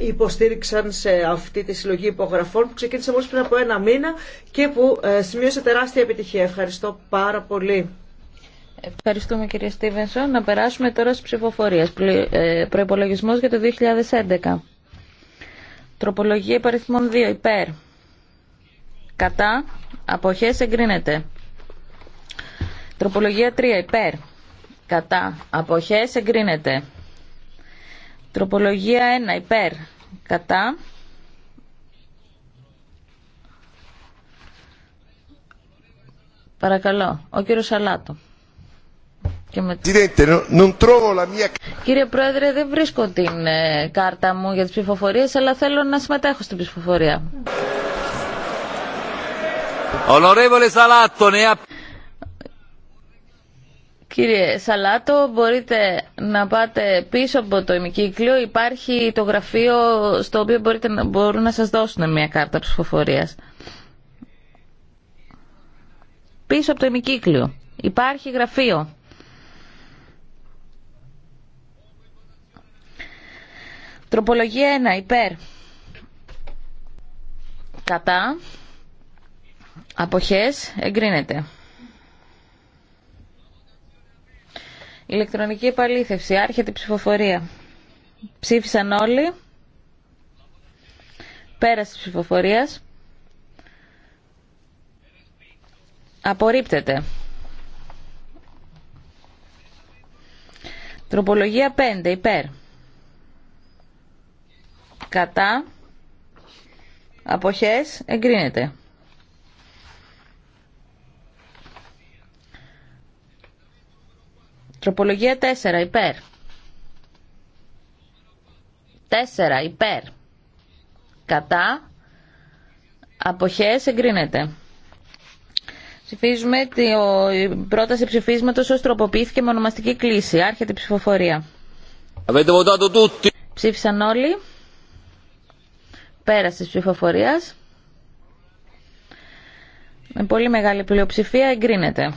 υποστήριξαν σε αυτή τη συλλογή υπογραφών που ξεκίνησε μόλις πριν από ένα μήνα και που ε, σημείωσε τεράστια επιτυχία. Ευχαριστώ πάρα πολύ. Ευχαριστούμε κύριε Στίβενσον. Να περάσουμε τώρα στις ψηφοφορίες. Ε, προϋπολογισμός για το 2011. Τροπολογία υπαριθμών 2. Υπέρ. Κατά. Αποχές εγκρίνεται. Τροπολογία 3. Υπέρ. Κατά. Αποχές εγκρίνεται. Τροπολογία 1 υπέρ κατά. Παρακαλώ, ο κύριος Σαλάτο. Κύριε Πρόεδρε, δεν βρίσκω την ε, κάρτα μου για τις ψηφοφορίε, αλλά θέλω να συμμετέχω στην ψηφοφορία. Κύριε Σαλάτο, μπορείτε να πάτε πίσω από το ημικύκλιο. Υπάρχει το γραφείο στο οποίο μπορείτε να, μπορούν να σας δώσουν μια κάρτα ψηφοφορίας. Πίσω από το ημικύκλιο. Υπάρχει γραφείο. Τροπολογία 1. Υπέρ. Κατά. Αποχές. Εγκρίνεται. Ηλεκτρονική επαλήθευση. Άρχεται η ψηφοφορία. Ψήφισαν όλοι. Πέραση ψηφοφορίας. Απορρίπτεται. Τροπολογία 5. Υπέρ. Κατά. Αποχές. Εγκρίνεται. Τροπολογία 4 υπέρ. 4 υπέρ. Κατά. Αποχές εγκρίνεται. Ψηφίζουμε η πρόταση ψηφίσματος ως τροποποιήθηκε με ονομαστική κλίση. Άρχεται η ψηφοφορία. Ψήφισαν όλοι. Πέρασε της ψηφοφορίας. Με πολύ μεγάλη πλειοψηφία εγκρίνεται.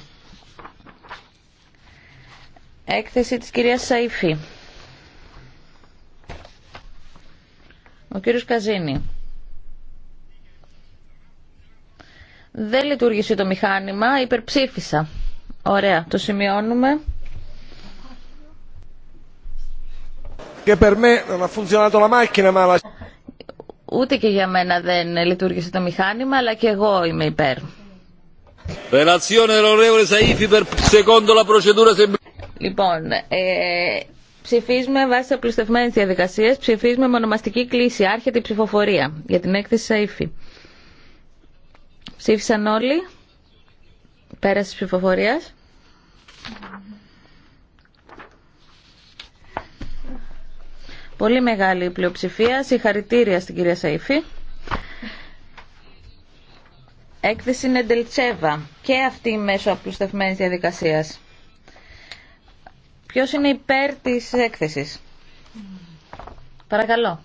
Έκθεση της κυρίας Σαΐφη. Ο κύριος Καζίνη. Δεν λειτουργήσε το μηχάνημα, υπερψήφισα. Ωραία, το σημειώνουμε. Και περμέ, να το Ούτε και για μένα δεν λειτουργήσε το μηχάνημα, αλλά και εγώ είμαι υπέρ. Λοιπόν, ε, ψηφίζουμε βάσει απλουστευμένη διαδικασία, ψηφίζουμε με ονομαστική κλίση. Άρχεται η ψηφοφορία για την έκθεση ΣΑΙΦΗ. Ψήφισαν όλοι. Πέρασε τη ψηφοφορία. Πολύ μεγάλη πλειοψηφία. Συγχαρητήρια στην κυρία Σαϊφή. Έκθεση Νεντελτσέβα. Και αυτή μέσω απλουστευμένης διαδικασίας. Ποιος είναι υπέρ της έκθεσης. Παρακαλώ.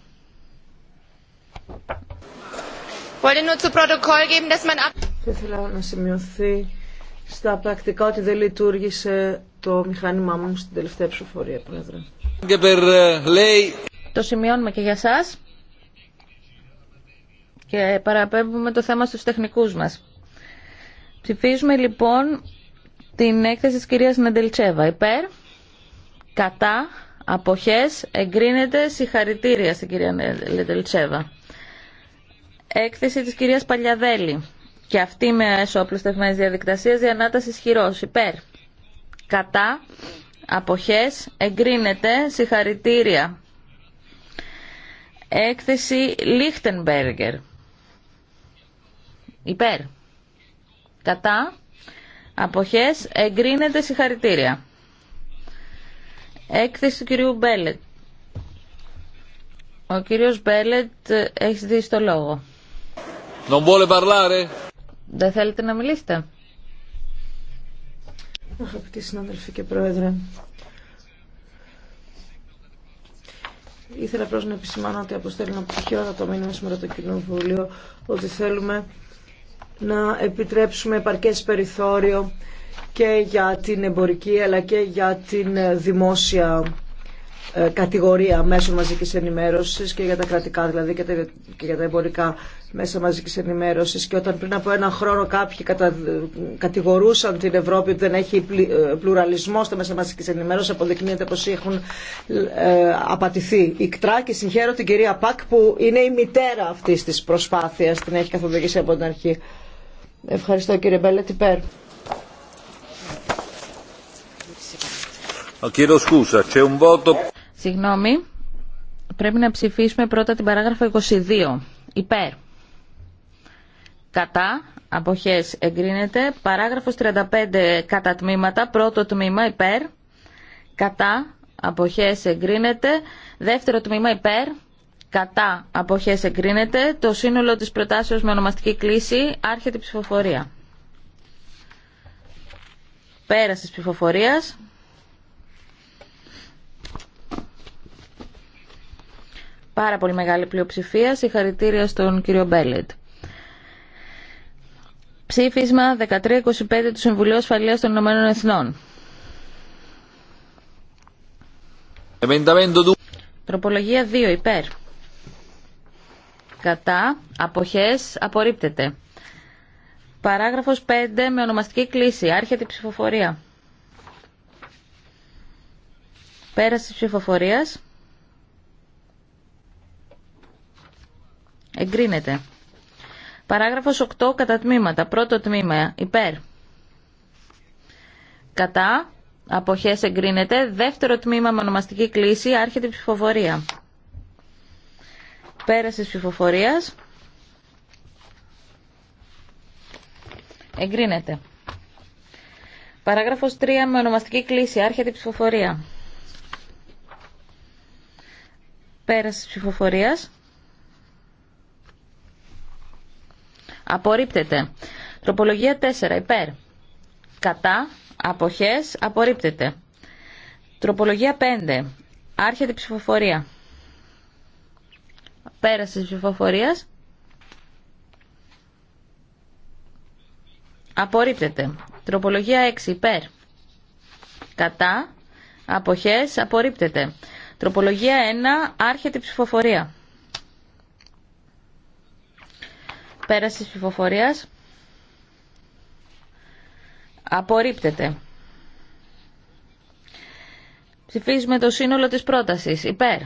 Θα ήθελα να σημειωθεί στα πρακτικά ότι δεν λειτουργήσε το μηχάνημά μου στην τελευταία ψηφοφορία, Πρόεδρε. Ε, το σημειώνουμε και για σας και παραπέμπουμε το θέμα στους τεχνικούς μας. Ψηφίζουμε λοιπόν την έκθεση της κυρίας Νεντελτσέβα. Υπέρ κατά, αποχές, εγκρίνεται συγχαρητήρια στην κυρία Λετελτσέβα. Έκθεση της κυρίας Παλιαδέλη. Και αυτή με εσωπλουστευμένες για διανάταση χειρός. Υπέρ. Κατά. Αποχές. Εγκρίνεται. Συγχαρητήρια. Έκθεση Λίχτενμπέργκερ. Υπέρ. Κατά. Αποχές. Εγκρίνεται. Συγχαρητήρια. Έκθεση του κυρίου Μπέλετ. Ο κύριος Μπέλετ ε, έχει δει στο λόγο. Non vuole parlare. Δεν θέλετε να μιλήσετε. Αγαπητοί συνάδελφοι και πρόεδρε, ήθελα πρώτα να επισημάνω ότι αποστέλνω από το μήνυμα σήμερα το Κοινοβούλιο ότι θέλουμε να επιτρέψουμε επαρκέ περιθώριο και για την εμπορική αλλά και για την δημόσια ε, κατηγορία μέσων μαζικής ενημέρωσης και για τα κρατικά δηλαδή και, τα, και για τα εμπορικά μέσα μαζικής ενημέρωσης και όταν πριν από ένα χρόνο κάποιοι κατα, κατηγορούσαν την Ευρώπη ότι δεν έχει ε, πλουραλισμό στα μέσα μαζικής ενημέρωσης αποδεικνύεται πως έχουν ε, απατηθεί η ΚΤΡΑ και συγχαίρω την κυρία Πακ που είναι η μητέρα αυτής της προσπάθειας την έχει καθοδηγήσει από την αρχή Ευχαριστώ κύριε Μπέλε Τιπέρ. Συγγνώμη, πρέπει να ψηφίσουμε πρώτα την παράγραφο 22. Υπέρ. Κατά. Αποχές εγκρίνεται. Παράγραφος 35 κατά τμήματα. Πρώτο τμήμα υπέρ. Κατά. Αποχές εγκρίνεται. Δεύτερο τμήμα υπέρ. Κατά. Αποχές εγκρίνεται. Το σύνολο της προτάσεως με ονομαστική κλίση. Άρχεται ψηφοφορία. Πέραση της ψηφοφορίας. πάρα πολύ μεγάλη πλειοψηφία. Συγχαρητήρια στον κύριο Μπέλετ. Ψήφισμα 1325 του Συμβουλίου Ασφαλείας των Ηνωμένων Εθνών. Τροπολογία 2 υπέρ. Κατά. Αποχές. Απορρίπτεται. Παράγραφος 5 με ονομαστική κλίση. Άρχεται η ψηφοφορία. Πέραση ψηφοφορίας. Εγκρίνεται. Παράγραφος 8 κατά τμήματα. Πρώτο τμήμα υπέρ. Κατά. Αποχές εγκρίνεται. Δεύτερο τμήμα με ονομαστική κλίση. Άρχεται η ψηφοφορία. Πέραση ψηφοφορίας. Εγκρίνεται. Παράγραφος 3 με ονομαστική κλίση. Άρχεται η ψηφοφορία. Πέραση ψηφοφορίας. Απορρίπτεται. Τροπολογία 4. Υπέρ. Κατά. Αποχές. Απορρίπτεται. Τροπολογία 5. Άρχεται ψηφοφορία. Πέραση τη ψηφοφορίας. Απορρίπτεται. Τροπολογία 6. Υπέρ. Κατά. Αποχές. Απορρίπτεται. Τροπολογία 1. Άρχεται ψηφοφορία. Πέραση της ψηφοφορίας. Απορρίπτεται. Ψηφίζουμε το σύνολο της πρότασης. Υπέρ.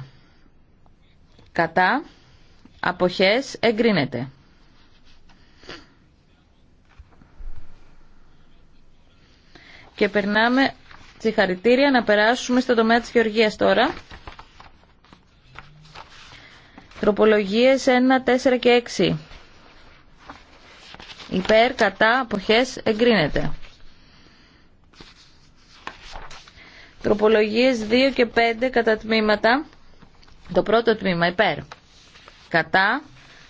Κατά. Αποχές. Εγκρίνεται. Και περνάμε συγχαρητήρια να περάσουμε στο τομέα της γεωργίας τώρα. Τροπολογίες 1, 4 και 6. Υπέρ, κατά, αποχές, εγκρίνεται. Τροπολογίες 2 και 5 κατά τμήματα. Το πρώτο τμήμα υπέρ. Κατά,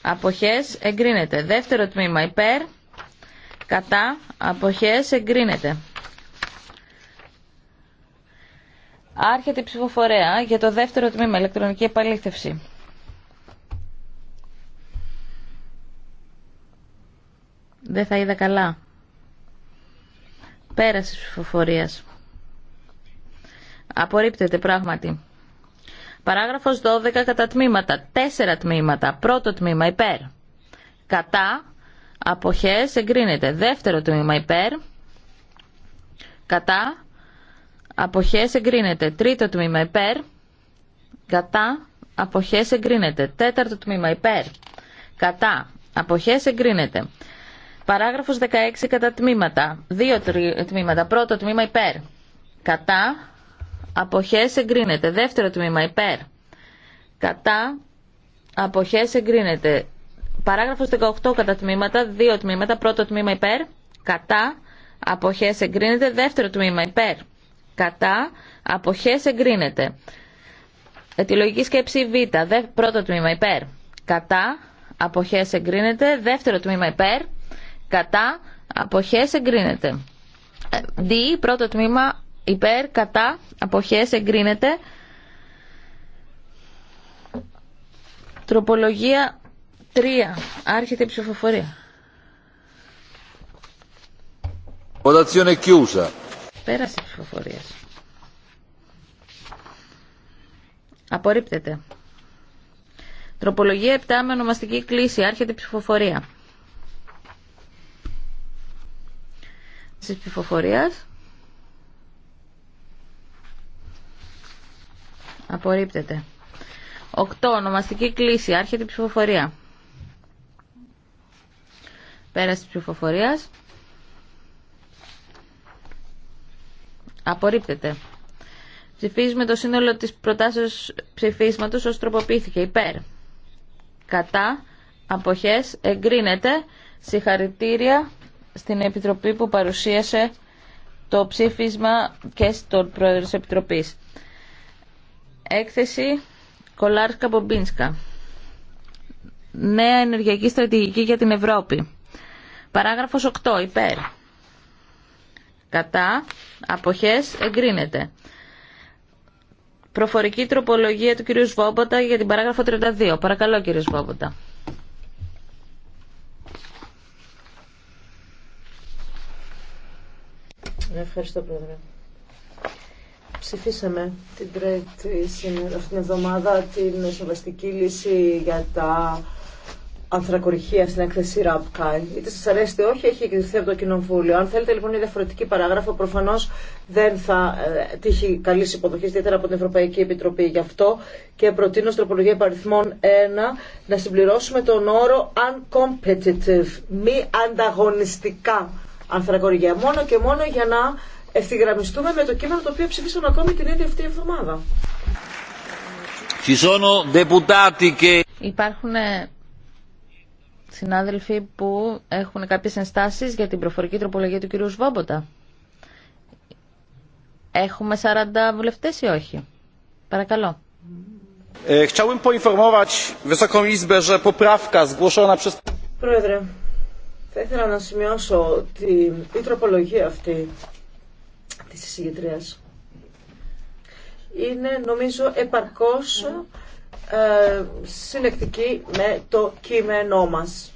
αποχές, εγκρίνεται. Δεύτερο τμήμα υπέρ. Κατά, αποχές, εγκρίνεται. Άρχεται η ψηφοφορία για το δεύτερο τμήμα, ηλεκτρονική επαλήθευση. Δεν θα είδα καλά. Πέραση ψηφοφορία. Απορρίπτεται πράγματι. Παράγραφος 12 κατά τμήματα. Τέσσερα τμήματα. Πρώτο τμήμα υπέρ. Κατά. Αποχές εγκρίνεται. Δεύτερο τμήμα υπέρ. Κατά. Αποχές εγκρίνεται. Τρίτο τμήμα υπέρ. Κατά. Αποχές εγκρίνεται. Τέταρτο τμήμα υπέρ. Κατά. Αποχές εγκρίνεται. Παράγραφος 16 κατά τμήματα. Δύο τμήματα. Πρώτο τμήμα υπέρ. Κατά. Αποχές εγκρίνεται. Δεύτερο τμήμα υπέρ. Κατά. Αποχές εγκρίνεται. Παράγραφος 18 κατά τμήματα. Δύο τμήματα. Πρώτο τμήμα υπέρ. Κατά. Αποχές εγκρίνεται. Δεύτερο τμήμα υπέρ. Κατά. Αποχές εγκρίνεται. Ετιολογική σκέψη Β. Πρώτο τμήμα υπέρ. Κατά. Αποχές εγκρίνεται. Δεύτερο τμήμα υπέρ κατά, αποχές εγκρίνεται. Ε, D, πρώτο τμήμα, υπέρ, κατά, αποχές εγκρίνεται. Τροπολογία 3, άρχεται η ψηφοφορία. Votazione chiusa. Πέρασε η ψηφοφορία. Απορρίπτεται. Τροπολογία 7 με ονομαστική κλίση. Άρχεται η ψηφοφορία. της ψηφοφορίας. Απορρίπτεται. 8. Ονομαστική κλίση. Άρχεται η ψηφοφορία. Πέραση της ψηφοφορίας. Απορρίπτεται. Ψηφίζουμε το σύνολο της προτάσεως ψηφίσματος ως τροποποιήθηκε. Υπέρ. Κατά. Αποχές. Εγκρίνεται. Συγχαρητήρια στην Επιτροπή που παρουσίασε το ψήφισμα και στον Πρόεδρο της Επιτροπής. Έκθεση Κολάρσκα-Μπομπίνσκα. Νέα ενεργειακή στρατηγική για την Ευρώπη. Παράγραφος 8. Υπέρ. Κατά. Αποχές. Εγκρίνεται. Προφορική τροπολογία του κ. Σβόμποτα για την παράγραφο 32. Παρακαλώ κ. Σβόμποτα. Ευχαριστώ, Πρόεδρε. Ψηφίσαμε την τρέτη σήμερα, αυτήν την εβδομάδα, την συμβαστική λύση για τα ανθρακοριχεία στην έκθεση ΡΑΠΚΑΙ. Είτε σα αρέσει είτε όχι, έχει εκδηθεί από το Κοινοβούλιο. Αν θέλετε λοιπόν η διαφορετική παράγραφο, προφανώ δεν θα ε, τύχει καλή υποδοχή, ιδιαίτερα από την Ευρωπαϊκή Επιτροπή. Γι' αυτό και προτείνω στην τροπολογία υπαριθμών 1 να συμπληρώσουμε τον όρο uncompetitive, μη ανταγωνιστικά ανθρακοριγία. μόνο και μόνο για να ευθυγραμμιστούμε με το κείμενο το οποίο ψηφίσαμε ακόμη την ίδια αυτή εβδομάδα. Υπάρχουν ε, συνάδελφοι που έχουν κάποιες ενστάσεις για την προφορική τροπολογία του κυρίου Σβόμποτα. Έχουμε 40 βουλευτές ή όχι. Παρακαλώ. Ε, chciałbym poinformować Wysoką Izbę, że poprawka zgłoszona przez... Πρόεδρε, θα ήθελα να σημειώσω ότι η τροπολογία αυτή τη εισηγητρίας είναι νομίζω επαρκώς ε, συνεκτική με το κείμενό μας.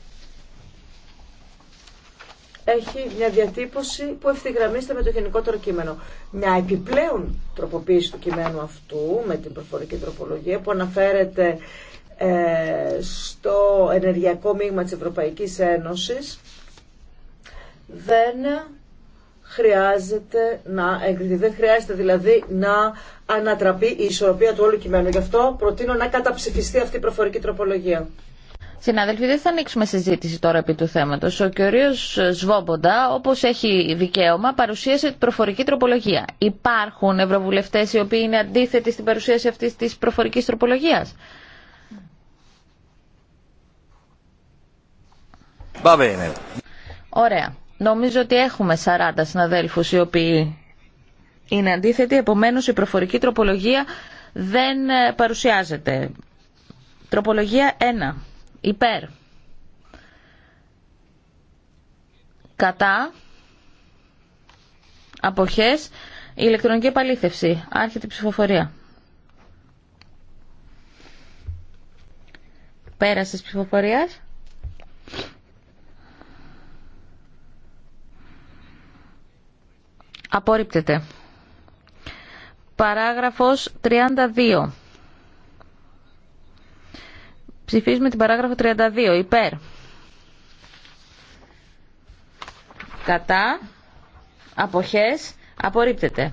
Έχει μια διατύπωση που ευθυγραμμίζεται με το γενικότερο κείμενο. Μια επιπλέον τροποποίηση του κειμένου αυτού με την προφορική τροπολογία που αναφέρεται ε, στο ενεργειακό μείγμα της Ευρωπαϊκής Ένωσης δεν χρειάζεται να εγκριθεί. Δεν χρειάζεται δηλαδή να ανατραπεί η ισορροπία του όλου κειμένου. Γι' αυτό προτείνω να καταψηφιστεί αυτή η προφορική τροπολογία. Συνάδελφοι, δεν θα ανοίξουμε συζήτηση τώρα επί του θέματο. Ο κ. Σβόμποντα, όπω έχει δικαίωμα, παρουσίασε την προφορική τροπολογία. Υπάρχουν ευρωβουλευτέ οι οποίοι είναι αντίθετοι στην παρουσίαση αυτή τη προφορική τροπολογία. Ωραία. Νομίζω ότι έχουμε 40 συναδέλφους οι οποίοι είναι αντίθετοι, Επομένω η προφορική τροπολογία δεν ε, παρουσιάζεται. Τροπολογία 1. Υπέρ. Κατά. Αποχές. Ηλεκτρονική επαλήθευση. Άρχεται η ψηφοφορία. τη ψηφοφορία. Απορρίπτεται. Παράγραφος 32. Ψηφίζουμε την παράγραφο 32. Υπέρ. Κατά. Αποχές. Απορρίπτεται.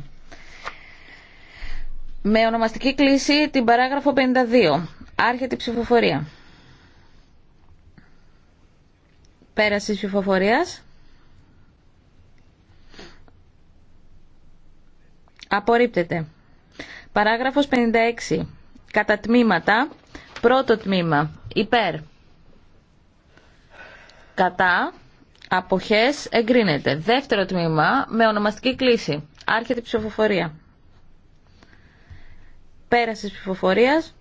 Με ονομαστική κλίση την παράγραφο 52. Άρχεται η ψηφοφορία. Πέραση ψηφοφορίας. Απορρίπτεται. Παράγραφος 56. Κατά τμήματα. Πρώτο τμήμα. Υπέρ. Κατά. Αποχές εγκρίνεται. Δεύτερο τμήμα με ονομαστική κλίση. Άρχεται η ψηφοφορία. Πέραση ψηφοφορία. ψηφοφορίας.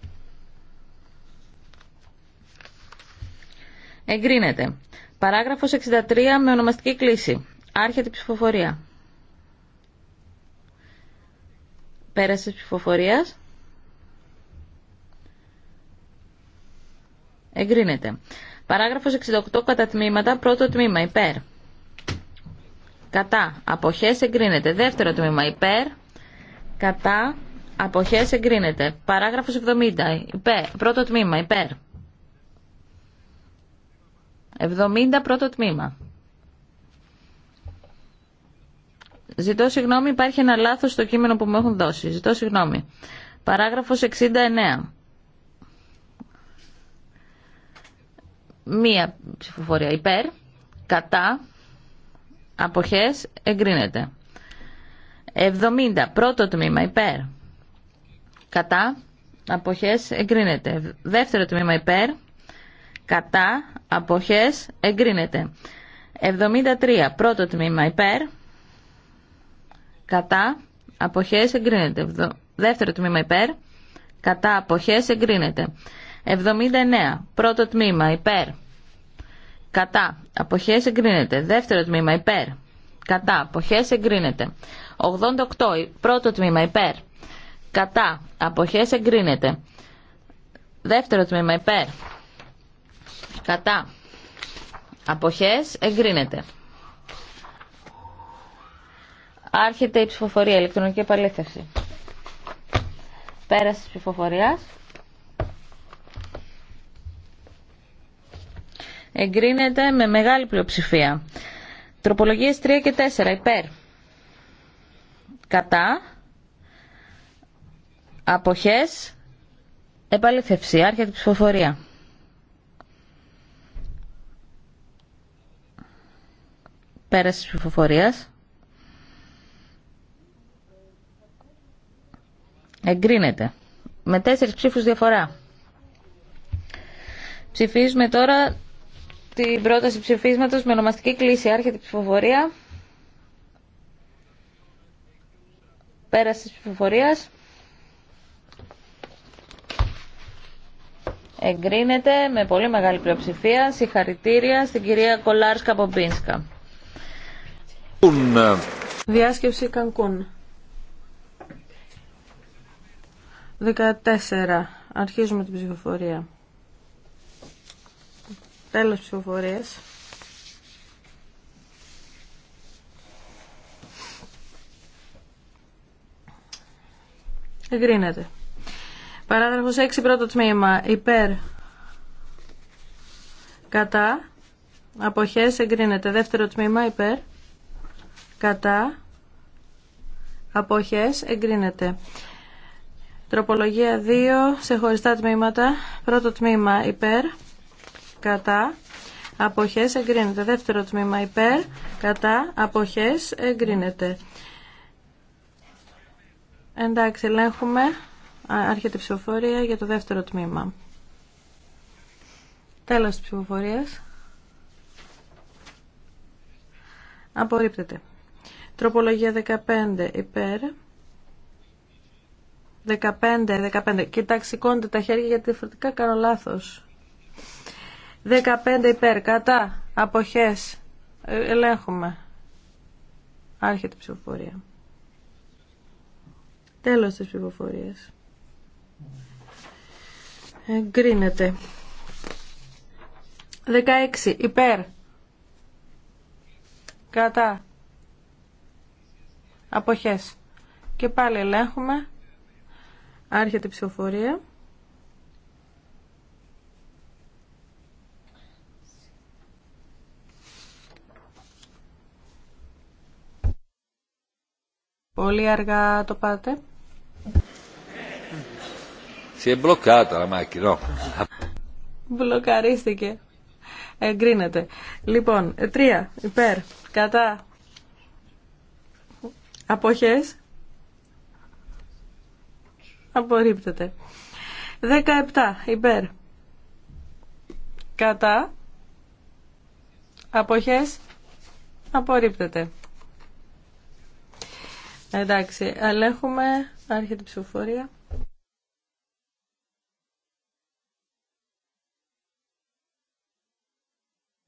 Εγκρίνεται. Παράγραφος 63 με ονομαστική κλίση. Άρχεται η ψηφοφορία. Πέραση τη ψηφοφορίας. Εγκρίνεται. Παράγραφος 68 κατά τμήματα, πρώτο τμήμα υπέρ. Κατά. Αποχές εγκρίνεται. Δεύτερο τμήμα υπέρ. Κατά. Αποχές εγκρίνεται. Παράγραφος 70. Υπέρ. Πρώτο τμήμα υπέρ. 70 πρώτο τμήμα. Ζητώ συγγνώμη, υπάρχει ένα λάθος στο κείμενο που μου έχουν δώσει. Ζητώ συγγνώμη. Παράγραφος 69. Μία ψηφοφορία υπέρ, κατά, αποχές, εγκρίνεται. 70. Πρώτο τμήμα υπέρ, κατά, αποχές, εγκρίνεται. Δεύτερο τμήμα υπέρ, κατά, αποχές, εγκρίνεται. 73. Πρώτο τμήμα υπέρ, κατά, αποχές εγκρίνεται. Δεύτερο τμήμα υπέρ, κατά, αποχές εγκρίνεται. 79. Πρώτο τμήμα υπέρ, κατά, αποχές εγκρίνεται. Δεύτερο τμήμα υπέρ, κατά, αποχές εγκρίνεται. 88. Πρώτο τμήμα υπέρ, κατά, αποχές εγκρίνεται. Δεύτερο τμήμα υπέρ, κατά, αποχές εγκρίνεται. Άρχεται η ψηφοφορία, ηλεκτρονική επαλήθευση. Πέραση τη ψηφοφορία. Εγκρίνεται με μεγάλη πλειοψηφία. Τροπολογίες 3 και 4 υπέρ. Κατά. Αποχές. Επαλήθευση. Άρχεται η ψηφοφορία. Πέραση τη ψηφοφορία. Εγκρίνεται. Με τέσσερις ψήφους διαφορά. Ψηφίζουμε τώρα την πρόταση ψηφίσματος με ονομαστική κλίση. Άρχεται η ψηφοφορία. Πέραση της ψηφοφορίας. Εγκρίνεται με πολύ μεγάλη πλειοψηφία. Συγχαρητήρια στην κυρία Κολάρσκα Πομπίνσκα. Διάσκεψη Κανκούν. 14. Αρχίζουμε την ψηφοφορία. Τέλος ψηφοφορίας. Εγκρίνεται. Παράγραφος 6 πρώτο τμήμα. Υπέρ. Κατά. Αποχές εγκρίνεται. Δεύτερο τμήμα υπέρ. Κατά. Αποχές εγκρίνεται. Τροπολογία 2 σε χωριστά τμήματα. Πρώτο τμήμα υπέρ, κατά, αποχές εγκρίνεται. Δεύτερο τμήμα υπέρ, κατά, αποχές εγκρίνεται. Εντάξει, ελέγχουμε. Άρχεται η ψηφοφορία για το δεύτερο τμήμα. Τέλος της ψηφοφορίας. Απορρίπτεται. Τροπολογία 15 υπέρ, 15, 15. Κοιτάξτε, σηκώνετε τα χέρια γιατί διαφορετικά κάνω λάθος. 15 υπέρ, κατά, απόχέ. Ε, ελέγχουμε. Άρχεται η ψηφοφορία. Τέλο τη ψηφοφορία. Εγκρίνεται. 16 υπέρ. Κατά. Αποχές. Και πάλι ελέγχουμε. Άρχεται η ψηφοφορία. Πολύ αργά το πάτε. Σε μπλοκάτα Μπλοκαρίστηκε. Εγκρίνεται. Λοιπόν, τρία, υπέρ, κατά, αποχές, Απορρίπτεται. 17. Υπέρ. Κατά. Αποχές. Απορρίπτεται. Εντάξει, ελέγχουμε. Άρχεται η ψηφοφορία.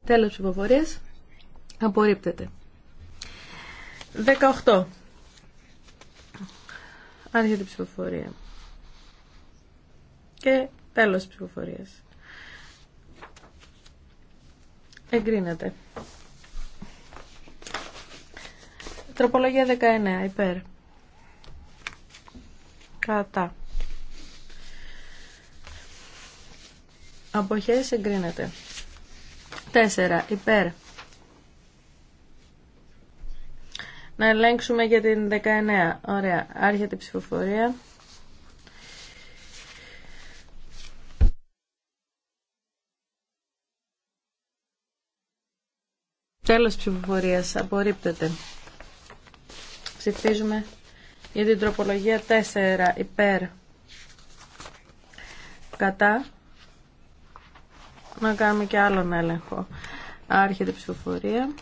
Τέλος ψηφοφορίας. Απορρίπτεται. 18. Άρχεται η ψηφοφορία και τέλος της ψηφοφορίας. Εγκρίνεται. Τροπολογία 19. Υπέρ. Κατά. Αποχές εγκρίνεται. 4. Υπέρ. Να ελέγξουμε για την 19. Ωραία. Άρχεται η ψηφοφορία. Τέλος ψηφοφορίας. Απορρίπτεται. Ψηφίζουμε για την τροπολογία 4 υπέρ κατά να κάνουμε και άλλον έλεγχο. Άρχεται η ψηφοφορία.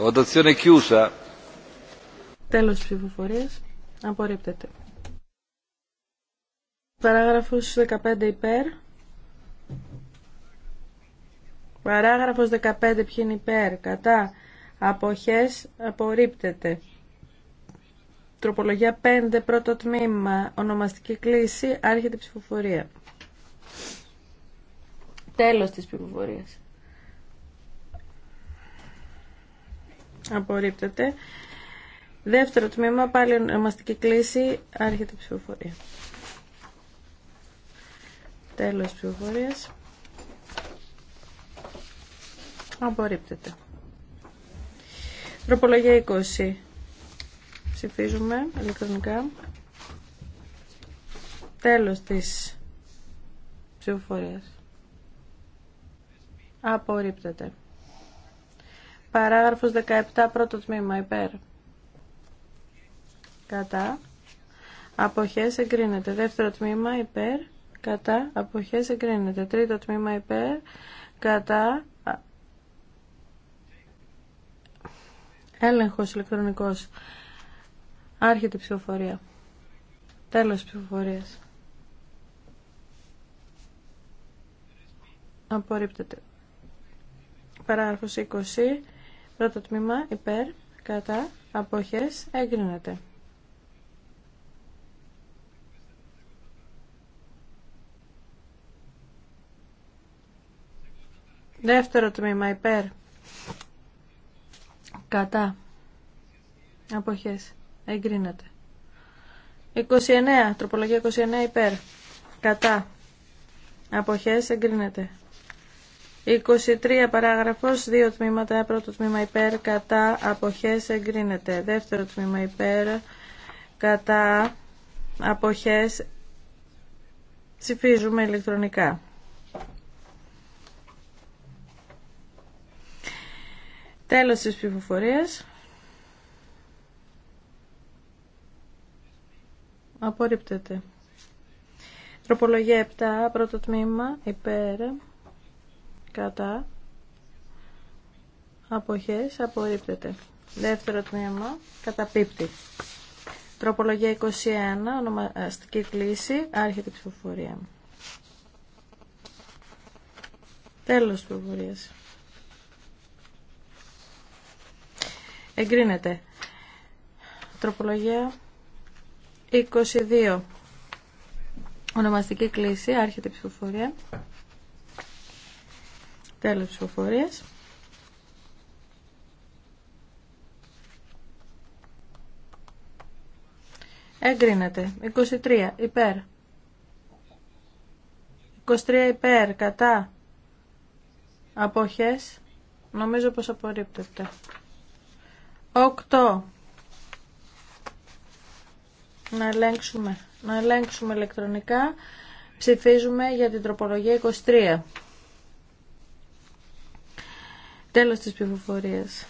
Votazione chiusa. Τέλος της ψηφοφορίας. Απορρίπτεται. Παράγραφος 15 υπέρ. Παράγραφος 15 ποιοι είναι υπέρ. Κατά. Αποχές απορρίπτεται. Τροπολογία 5 πρώτο τμήμα. Ονομαστική κλίση. Άρχεται η ψηφοφορία. Τέλος της ψηφοφορίας. Απορρίπτεται. Δεύτερο τμήμα, πάλι ονομαστική κλίση, άρχεται η ψηφοφορία. Τέλος ψηφοφορίας. Απορρίπτεται. Τροπολογία 20. Ψηφίζουμε ηλεκτρονικά. Τέλος της ψηφοφορίας. Απορρίπτεται. Παράγραφος 17, πρώτο τμήμα, υπέρ κατά αποχές εγκρίνεται. Δεύτερο τμήμα υπέρ κατά αποχές εγκρίνεται. Τρίτο τμήμα υπέρ κατά έλεγχος ηλεκτρονικός. Άρχεται η ψηφοφορία. Τέλος ψηφοφορίας. Απορρίπτεται. Παράγραφος 20. Πρώτο τμήμα υπέρ, κατά, αποχές, εγκρίνεται. Δεύτερο τμήμα υπέρ. Κατά. Αποχές. Εγκρίνεται. 29. Τροπολογία 29 υπέρ. Κατά. Αποχές εγκρίνεται. 23 παράγραφος, δύο τμήματα, πρώτο τμήμα υπέρ, κατά, αποχές εγκρίνεται. Δεύτερο τμήμα υπέρ, κατά, αποχές ψηφίζουμε ηλεκτρονικά. Τέλος της ψηφοφορίας. Απορρίπτεται. Τροπολογία 7, πρώτο τμήμα, υπέρ, κατά, αποχές, απορρίπτεται. Δεύτερο τμήμα, καταπίπτει. Τροπολογία 21, ονομαστική κλίση, άρχεται η ψηφοφορία. Τέλος της ψηφοφορίας. εγκρίνεται. Τροπολογία 22. Ονομαστική κλίση, άρχεται η ψηφοφορία. Τέλος ψηφοφορίας. Εγκρίνεται. 23 υπέρ. 23 υπέρ. Κατά. Αποχές. Νομίζω πως απορρίπτεται. 8. Να ελέγξουμε. Να ελέγξουμε ηλεκτρονικά. Ψηφίζουμε για την τροπολογία 23. Τέλος της ψηφοφορίας.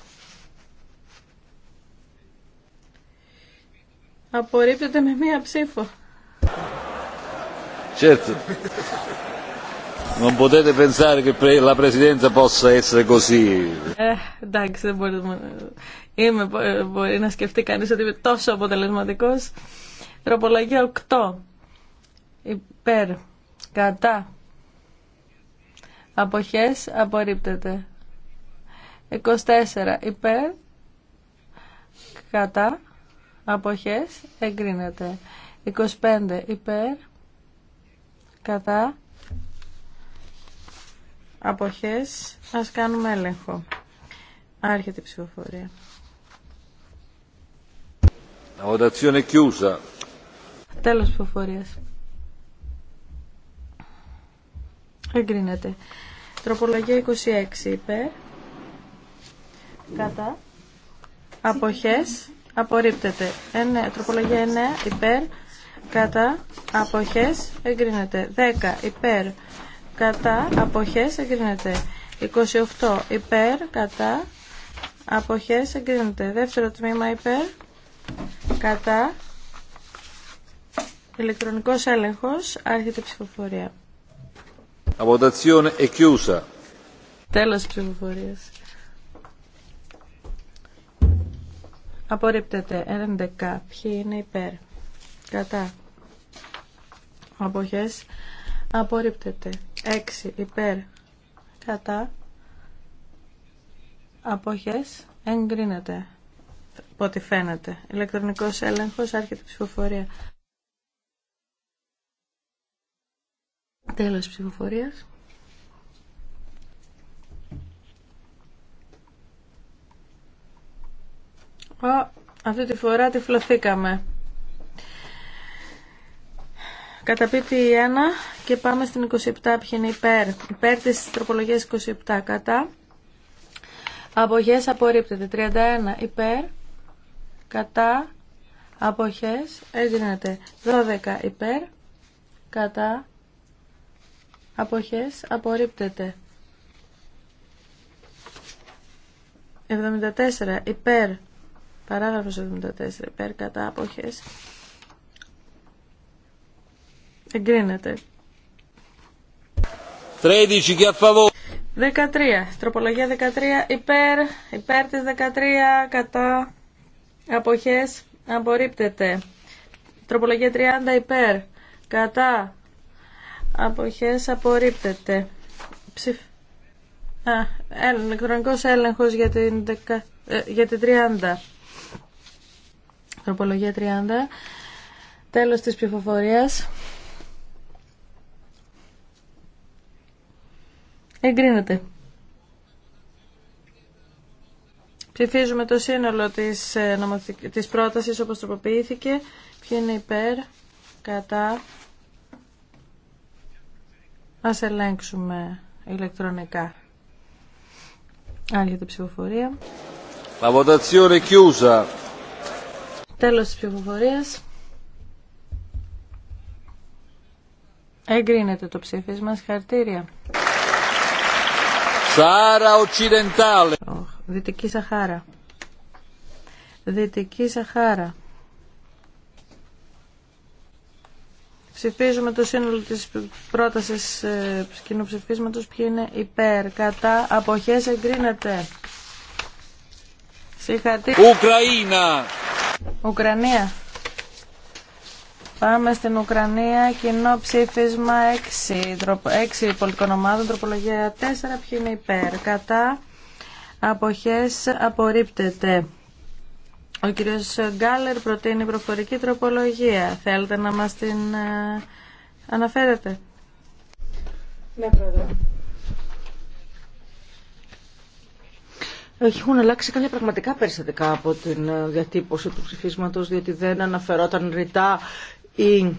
Απορρίπτεται με μία ψήφο. Non potete pensare che la Presidenza possa essere così. Ε, εντάξει, δεν μπορεί, είμαι, μπορεί να σκεφτεί κανεί ότι είμαι τόσο αποτελεσματικό. Τροπολογία 8. Υπέρ. Κατά. Αποχέ, απορρίπτεται. 24. Υπέρ. Κατά. απόχέ, εγκρίνεται. 25. Υπέρ. Κατά αποχές ας κάνουμε έλεγχο. Άρχεται η ψηφοφορία. Votazione chiusa. Τέλος ψηφοφορίας. Εγκρίνεται. Τροπολογία 26 υπέρ. Κατά. Αποχές. Απορρίπτεται. τροπολογία 9 υπέρ. Κατά. Αποχές. Εγκρίνεται. 10 υπέρ κατά αποχές εγκρίνεται 28 υπέρ κατά αποχές εγκρίνεται δεύτερο τμήμα υπέρ κατά ηλεκτρονικός έλεγχος άρχεται ψηφοφορία La εκιούσα. Τέλος ψηφοφορίας. Απορρίπτεται 11. Ποιοι είναι υπέρ. Κατά. Αποχές. Απορρίπτεται. 6 υπέρ κατά αποχές εγκρίνεται από ό,τι φαίνεται. Ηλεκτρονικός έλεγχος, άρχεται ψηφοφορία. Τέλος ψηφοφορίας. αυτή τη φορά τυφλωθήκαμε. Καταπίπτει η 1 και πάμε στην 27. Ποιοι είναι υπέρ. Υπέρ της τροπολογίας 27. Κατά. Αποχές απορρίπτεται. 31 υπέρ. Κατά. Αποχές Έγινεται. 12 υπέρ. Κατά. Αποχές απορρίπτεται. 74 υπέρ. Παράγραφος 74 υπέρ. Κατά. Αποχές Εγκρίνεται. 13 Τροπολογία 13 υπέρ, υπέρ της 13 κατά αποχές απορρίπτεται. Τροπολογία 30 υπέρ κατά αποχές απορρίπτεται. Ψηφ... Α, έλεγχος για την, δεκα... Ε, για την 30. Τροπολογία 30. Τέλος της ψηφοφορίας. Εγκρίνεται. Ψηφίζουμε το σύνολο της, ε, νομοθεκ... της πρότασης όπως τροποποιήθηκε. Ποιοι είναι υπέρ, κατά. Ας ελέγξουμε ηλεκτρονικά. Άρχεται ψηφοφορία. La votazione chiusa. Τέλος της ψηφοφορίας. Εγκρίνεται το ψήφισμα. Συγχαρητήρια. Σάρα Δυτική Σαχάρα. Δυτική Σαχάρα. Ψηφίζουμε το σύνολο της πρότασης ε, κοινοψηφίσματος Ποιοι είναι υπέρ, κατά, αποχές εγκρίνεται. Συγχαρητήρια. Ουκρανία. Ουκρανία. Πάμε στην Ουκρανία, κοινό ψήφισμα 6, 6 πολιτικών ομάδων, τροπολογία 4, ποιοι είναι υπέρ, κατά, αποχές, απορρίπτεται. Ο κύριος Γκάλερ προτείνει προφορική τροπολογία. Θέλετε να μας την ε, αναφέρετε. Ναι, πρόεδρε. Έχουν αλλάξει κάποια πραγματικά περιστατικά από την ε, διατύπωση του ψηφίσματος, διότι δεν αναφερόταν ρητά η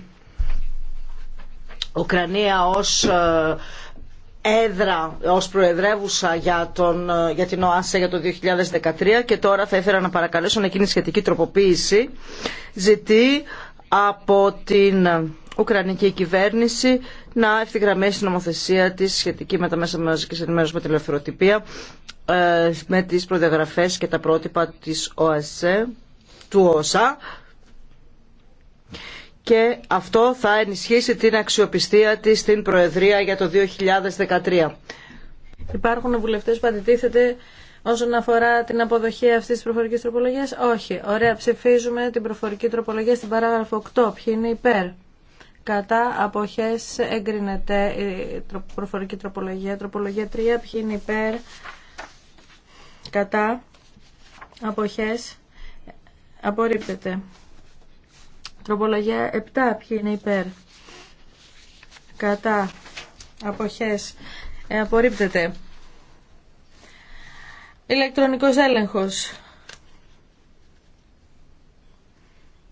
Ουκρανία ως ε, έδρα ως προεδρεύουσα για, τον, ε, για την ΟΑΣΕ για το 2013 και τώρα θα ήθελα να παρακαλέσω να γίνει σχετική τροποποίηση ζητεί από την Ουκρανική κυβέρνηση να ευθυγραμμίσει την νομοθεσία της σχετική με τα μέσα μαζικής ενημέρωσης με ελευθεροτυπία ε, με τις προδιαγραφές και τα πρότυπα της ΟΑΣΕ του ΟΣΑ και αυτό θα ενισχύσει την αξιοπιστία της στην Προεδρία για το 2013. Υπάρχουν βουλευτές που αντιτίθεται όσον αφορά την αποδοχή αυτής της προφορικής τροπολογίας. Όχι. Ωραία. Ψηφίζουμε την προφορική τροπολογία στην παράγραφο 8. Ποιοι είναι υπέρ. Κατά αποχές εγκρίνεται η προφορική τροπολογία. Τροπολογία 3. Ποιοι είναι υπέρ. Κατά αποχές απορρίπτεται. Τροπολογία 7. Ποιοι είναι υπέρ. Κατά. Αποχές. Ε, απορρίπτεται. Ηλεκτρονικός έλεγχος.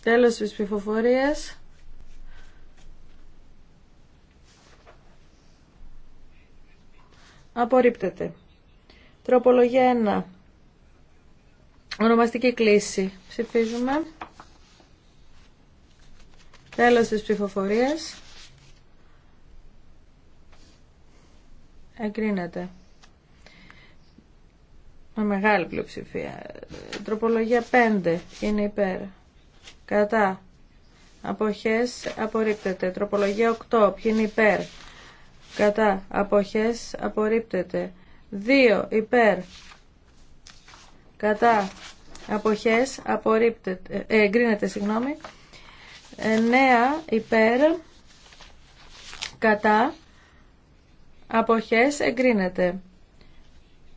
Τέλος της ψηφοφορίας. Απορρίπτεται. Τροπολογία 1. Ονομαστική κλίση. Ψηφίζουμε. Τέλος της ψηφοφορίας. Εγκρίνεται. Με μεγάλη πλειοψηφία. Τροπολογία 5 είναι υπέρ. Κατά. Αποχές απορρίπτεται. Τροπολογία 8. Ποιοι είναι υπέρ. Κατά. Αποχές απορρίπτεται. 2. Υπέρ. Κατά. Αποχές απορρίπτεται. Ε, εγκρίνεται, συγγνώμη. 9 υπέρ κατά αποχές εγκρίνεται.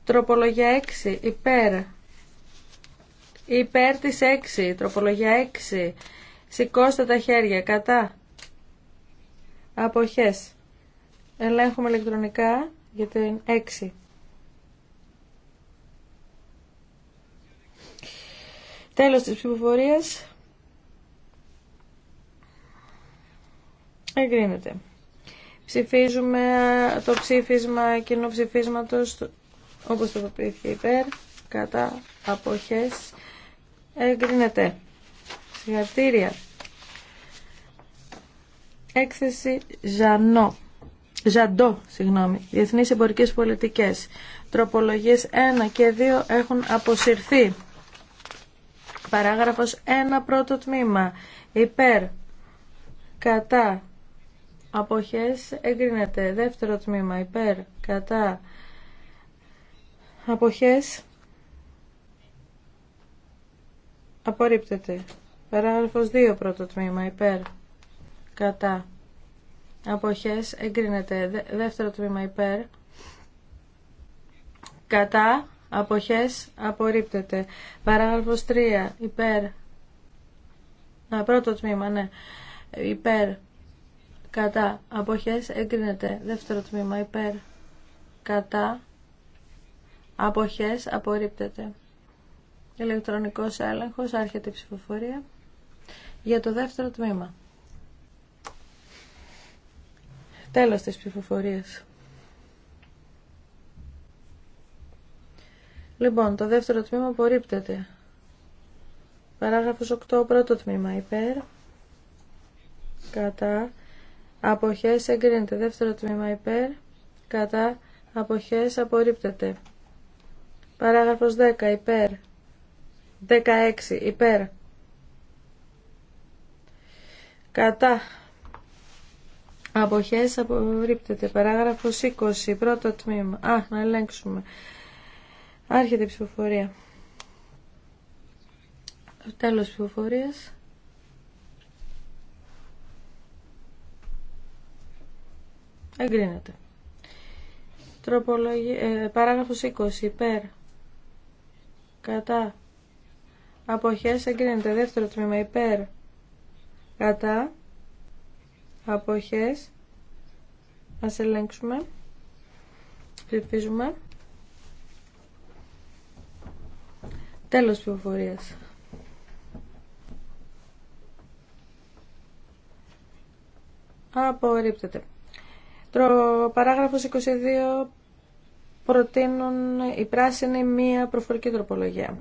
Τροπολογία 6 υπέρ υπέρ της 6 τροπολογία 6 σηκώστε τα χέρια κατά αποχές ελέγχουμε ηλεκτρονικά για την 6 Τέλος της ψηφοφορίας. Εγκρίνεται. Ψηφίζουμε το ψήφισμα κοινού ψηφίσματος όπως το η υπέρ, κατά, αποχές, εγκρίνεται. Συγχαρητήρια. Έκθεση Ζανό. Ζαντό, συγγνώμη, Διεθνείς Εμπορικές Πολιτικές. Τροπολογίες 1 και 2 έχουν αποσυρθεί. Παράγραφος 1 πρώτο τμήμα. Υπέρ, κατά, αποχές εγκρίνεται. Δεύτερο τμήμα υπέρ κατά αποχές απορρίπτεται. Παράγραφος 2 πρώτο τμήμα υπέρ κατά αποχές εγκρίνεται. Δεύτερο τμήμα υπέρ κατά αποχές απορρίπτεται. Παράγραφος 3 υπέρ Α, πρώτο τμήμα, ναι. Υπέρ κατά αποχές εγκρίνεται δεύτερο τμήμα υπέρ κατά αποχές απορρίπτεται ηλεκτρονικός έλεγχος άρχεται η ψηφοφορία για το δεύτερο τμήμα τέλος της ψηφοφορίας λοιπόν το δεύτερο τμήμα απορρίπτεται παράγραφος 8 πρώτο τμήμα υπέρ κατά αποχές εγκρίνεται. Δεύτερο τμήμα υπέρ, κατά, αποχές απορρίπτεται. Παράγραφος 10 υπέρ, 16 υπέρ, κατά, αποχές απορρίπτεται. Παράγραφος 20, πρώτο τμήμα. Α, να ελέγξουμε. Άρχεται η ψηφοφορία. Τέλος ψηφοφορίας. Εγκρίνεται. Τροπολογία, ε, παράγραφος 20. Υπέρ. Κατά. Αποχές εγκρίνεται. Δεύτερο τμήμα. Υπέρ. Κατά. Αποχές. Ας ελέγξουμε. Ψηφίζουμε. Τέλος πληροφορίας. Απορρίπτεται. Παράγραφος 22 προτείνουν η πράσινη μία προφορική τροπολογία.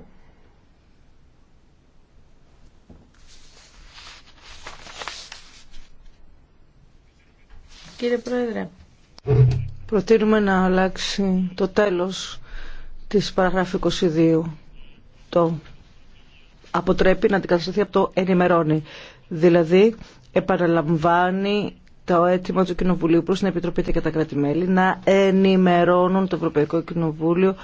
Κύριε Πρόεδρε, προτείνουμε να αλλάξει το τέλος της παραγράφου 22. Το αποτρέπει να αντικατασταθεί από το ενημερώνει. Δηλαδή, επαναλαμβάνει το αίτημα του Κοινοβουλίου προς την Επιτροπή και τα κράτη-μέλη να ενημερώνουν το Ευρωπαϊκό Κοινοβούλιο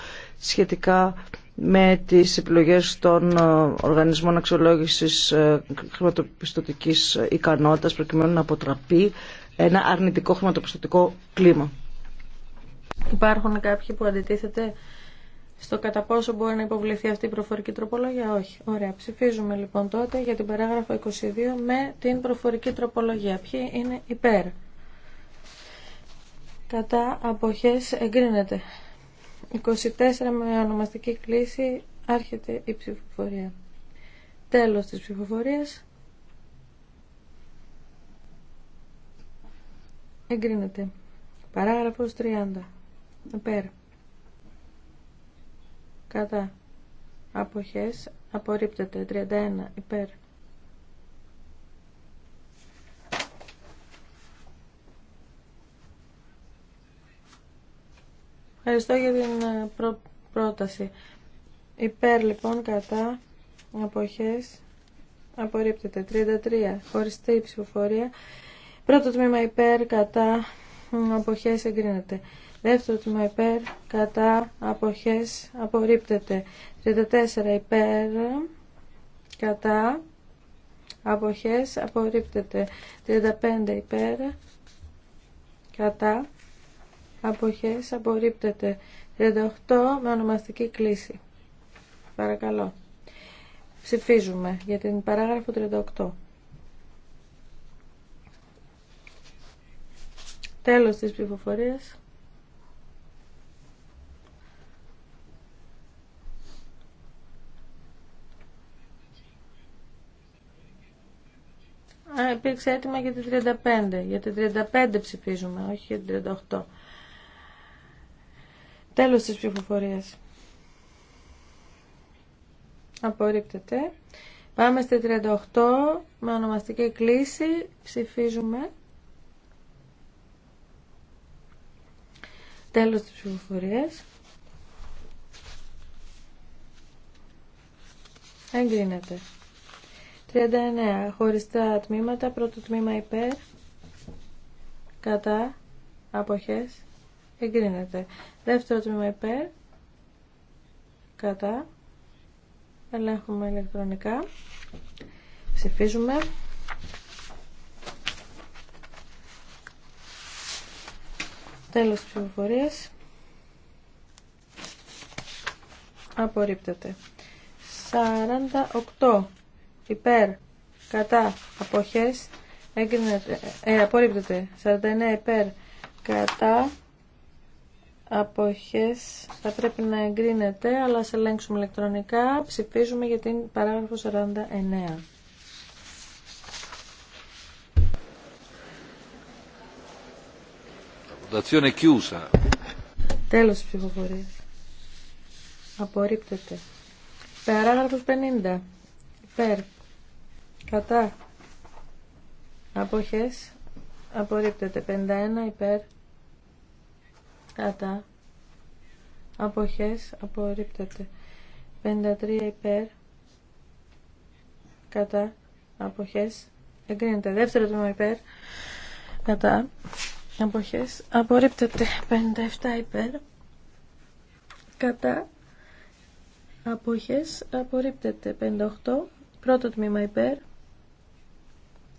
σχετικά με τις επιλογές των ε, οργανισμών αξιολόγησης ε, χρηματοπιστωτικής ικανότητας προκειμένου να αποτραπεί ένα αρνητικό χρηματοπιστωτικό κλίμα. Υπάρχουν κάποιοι που αντιτίθεται στο κατά πόσο μπορεί να υποβληθεί αυτή η προφορική τροπολογία. Όχι. Ωραία. Ψηφίζουμε λοιπόν τότε για την παράγραφο 22 με την προφορική τροπολογία. Ποιοι είναι υπέρ. Κατά αποχές εγκρίνεται. 24 με ονομαστική κλίση άρχεται η ψηφοφορία. Τέλος της ψηφοφορίας. Εγκρίνεται. Παράγραφος 30. Υπέρ κατά αποχές απορρίπτεται 31 υπέρ Ευχαριστώ για την ε, πρόταση. Υπέρ λοιπόν κατά αποχές απορρίπτεται 33 χωριστή ψηφοφορία. Πρώτο τμήμα υπέρ κατά αποχές εγκρίνεται. Δεύτερο τμήμα υπέρ, κατά, αποχές, απορρίπτεται. 34 υπέρ, κατά, αποχές, απορρίπτεται. 35 υπέρ, κατά, αποχές, απορρίπτεται. 38 με ονομαστική κλίση. Παρακαλώ. Ψηφίζουμε για την παράγραφο 38. Τέλος της ψηφοφορίας. υπήρξε έτοιμα για τη 35. Για τη 35 ψηφίζουμε, όχι για την 38. Τέλος της ψηφοφορίας. Απορρίπτεται. Πάμε στη 38 με ονομαστική κλίση. Ψηφίζουμε. Τέλος της ψηφοφορίας. Εγκρίνεται. 39. Χωριστά τμήματα. Πρώτο τμήμα υπέρ. Κατά. Αποχές. Εγκρίνεται. Δεύτερο τμήμα υπέρ. Κατά. Ελέγχουμε ηλεκτρονικά. Ψηφίζουμε. Τέλος της ψηφοφορίας. Απορρίπτεται. 48 υπέρ, κατά, αποχές, ε, ε, απορρίπτεται. 49 υπέρ, κατά, αποχές, θα πρέπει να εγκρίνεται, αλλά σε ελέγξουμε ηλεκτρονικά, ψηφίζουμε για την παράγραφο 49. Votazione chiusa. Τέλος της ψηφοφορίας. Απορρίπτεται. Παράγραφος 50. Υπέρ κατά αποχές απορρίπτεται 51 υπέρ κατά αποχές απορρίπτεται 53 υπέρ κατά αποχές εγκρίνεται δεύτερο τμήμα υπέρ κατά αποχές απορρίπτεται 57 υπέρ κατά αποχές απορρίπτεται 58 πρώτο τμήμα υπέρ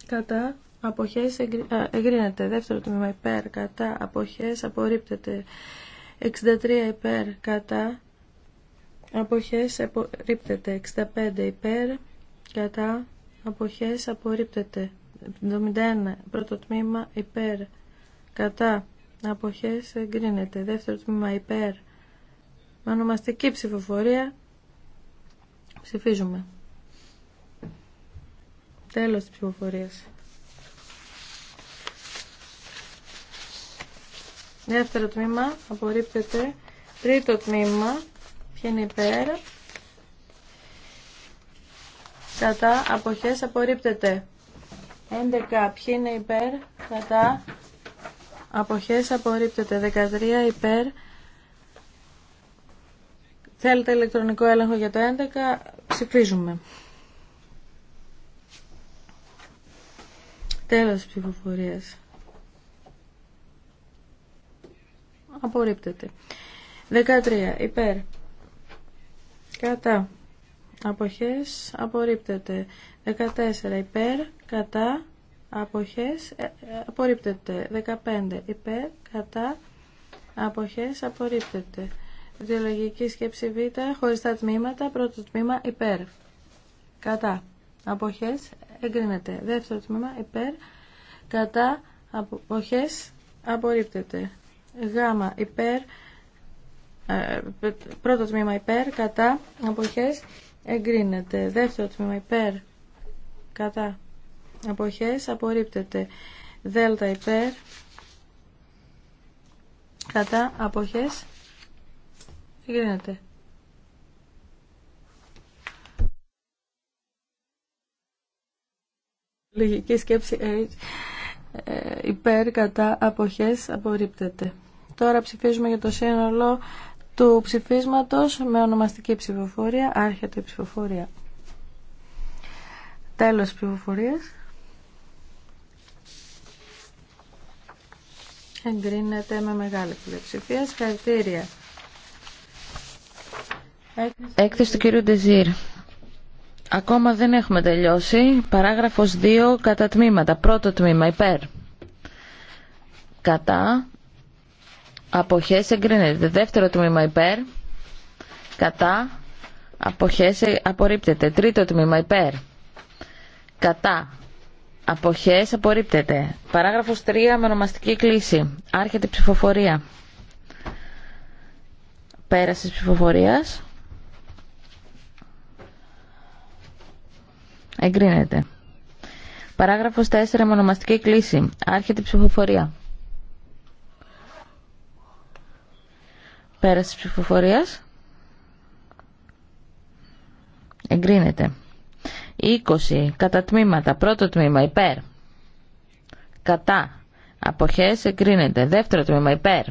κατά αποχές εγκρίνεται. Δεύτερο τμήμα υπέρ κατά αποχές απορρίπτεται. 63 υπέρ κατά αποχές απορρίπτεται. 65 υπέρ κατά αποχές απορρίπτεται. 71 πρώτο τμήμα υπέρ κατά αποχές εγκρίνεται. Δεύτερο τμήμα υπέρ με ονομαστική ψηφοφορία ψηφίζουμε. Τέλος της ψηφοφορίας. Δεύτερο τμήμα απορρίπτεται. Τρίτο τμήμα βγαίνει υπέρ. Κατά αποχές απορρίπτεται. 11 ποιοι είναι υπέρ. Κατά αποχές απορρίπτεται. 13 υπέρ. Θέλετε ηλεκτρονικό έλεγχο για το 11. Ψηφίζουμε. Τέλος ψηφοφορίας. Απορρίπτεται. 13. Υπέρ. Κατά. Αποχές. Απορρίπτεται. 14. Ε, ε, Υπέρ. Κατά. Αποχές. Απορρίπτεται. 15. Υπέρ. Κατά. Αποχές. Απορρίπτεται. Διολογική σκέψη Β. Χωριστά τμήματα. Πρώτο τμήμα. Υπέρ. Κατά. Αποχές εγκρίνεται. Δεύτερο τμήμα υπέρ κατά αποχές απορρίπτεται. γάμα υπέρ ε, πρώτο τμήμα υπέρ κατά αποχές εγκρίνεται. Δεύτερο τμήμα υπέρ κατά αποχές απορρίπτεται. Δέλτα υπέρ κατά αποχές εγκρίνεται. Λογική σκέψη H ε, ε, υπέρ κατά αποχές απορρίπτεται. Τώρα ψηφίζουμε για το σύνολο του ψηφίσματος με ονομαστική ψηφοφορία. Άρχεται η ψηφοφορία. Τέλος ψηφοφορίας. Εγκρίνεται με μεγάλη πλειοψηφία. Συγχαρητήρια. Έκθεση του κύριου Ντεζίρ. Ακόμα δεν έχουμε τελειώσει. Παράγραφος 2 κατά τμήματα. Πρώτο τμήμα υπέρ. Κατά. Αποχές εγκρίνεται. Δεύτερο τμήμα υπέρ. Κατά. Αποχές ε, απορρίπτεται. Τρίτο τμήμα υπέρ. Κατά. Αποχές απορρίπτεται. Παράγραφος 3 με ονομαστική κλίση. Άρχεται η ψηφοφορία. Πέραση ψηφοφορίας. Εγκρίνεται. Παράγραφο 4 μονομαστική κλίση. Άρχεται η ψηφοφορία. Πέραση ψηφοφορίας. Εγκρίνεται. 20. Κατά τμήματα. Πρώτο τμήμα υπέρ. Κατά. Αποχές εγκρίνεται. Δεύτερο τμήμα υπέρ.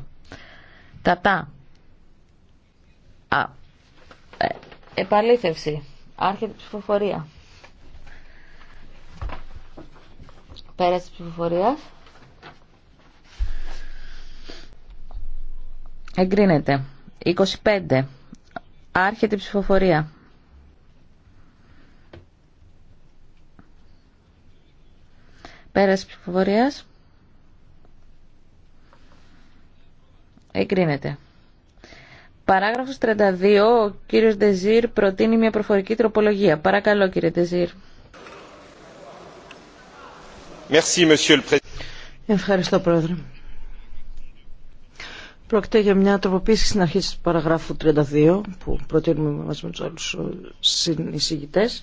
Κατά. Α, ε, επαλήθευση. Άρχεται η ψηφοφορία. Πέραση της ψηφοφορίας. Εγκρίνεται. 25. Άρχεται η ψηφοφορία. Πέρας της ψηφοφορίας. Εγκρίνεται. Παράγραφος 32, ο κύριος Ντεζίρ προτείνει μια προφορική τροπολογία. Παρακαλώ κύριε Ντεζίρ. Ευχαριστώ, Πρόεδρε. Πρόκειται για μια τροποποίηση στην αρχή τη παραγράφου 32 που προτείνουμε μαζί με τους άλλου ε, συνεισηγητές.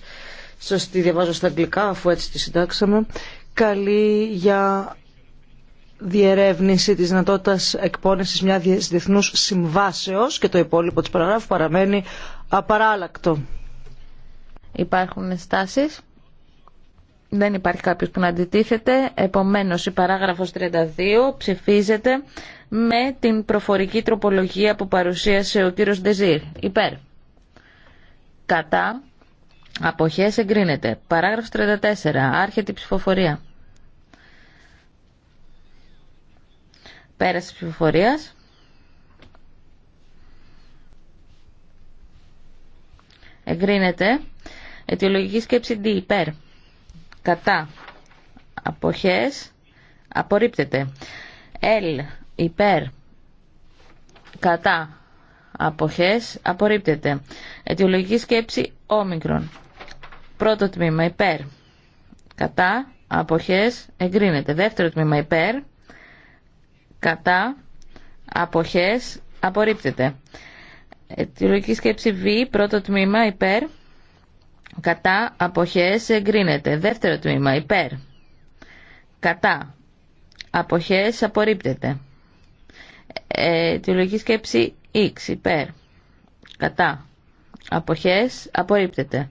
Σα τη διαβάζω στα αγγλικά αφού έτσι τη συντάξαμε. Καλή για διερεύνηση της δυνατότητα εκπόνηση μια διεθνούς συμβάσεω και το υπόλοιπο τη παραγράφου παραμένει απαράλλακτο. Υπάρχουν στάσεις. Δεν υπάρχει κάποιος που να αντιτίθεται. Επομένως, η παράγραφος 32 ψηφίζεται με την προφορική τροπολογία που παρουσίασε ο κύριος Ντεζίρ. Υπέρ. Κατά. Αποχές εγκρίνεται. Παράγραφος 34. Άρχεται η ψηφοφορία. Πέραση ψηφοφορία. Εγκρίνεται. Αιτιολογική σκέψη D. Υπέρ κατά αποχές απορρίπτεται L υπέρ κατά αποχές απορρίπτεται αιτιολογική σκέψη όμικρον πρώτο τμήμα υπέρ κατά αποχές εγκρίνεται δεύτερο τμήμα υπέρ κατά αποχές απορρίπτεται αιτιολογική σκέψη V, πρώτο τμήμα υπέρ κατά αποχές εγκρίνεται. Δεύτερο τμήμα υπέρ, κατά αποχές απορρίπτεται. Ε, λογική σκέψη X υπέρ, κατά αποχές απορρίπτεται.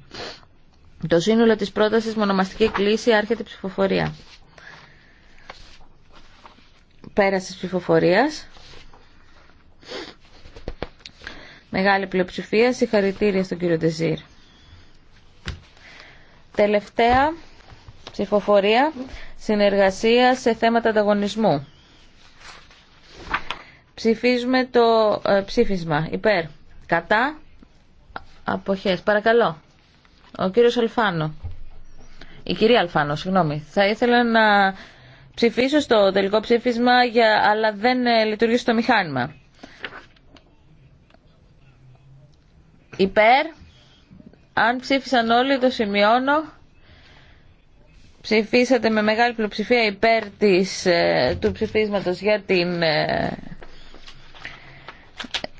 Το σύνολο της πρότασης μονομαστική κλίση άρχεται ψηφοφορία. Πέραση της ψηφοφορίας. Μεγάλη πλειοψηφία, συγχαρητήρια στον κύριο Τελευταία ψηφοφορία συνεργασία σε θέματα ανταγωνισμού. Ψηφίζουμε το ε, ψήφισμα υπέρ. Κατά. Αποχές. Παρακαλώ. Ο κύριος Αλφάνο. Η κυρία Αλφάνο, συγγνώμη. Θα ήθελα να ψηφίσω στο τελικό ψήφισμα, για, αλλά δεν ε, λειτουργήσε το μηχάνημα. Υπέρ. Αν ψήφισαν όλοι, το σημειώνω. Ψηφίσατε με μεγάλη πλειοψηφία υπέρ της, ε, του ψηφίσματος για την ε,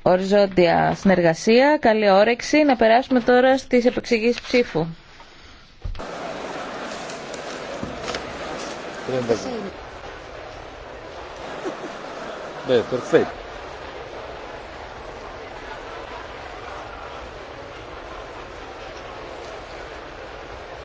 οριζόντια συνεργασία. Καλή όρεξη. Να περάσουμε τώρα στις επεξηγήσεις ψήφου. Ναι,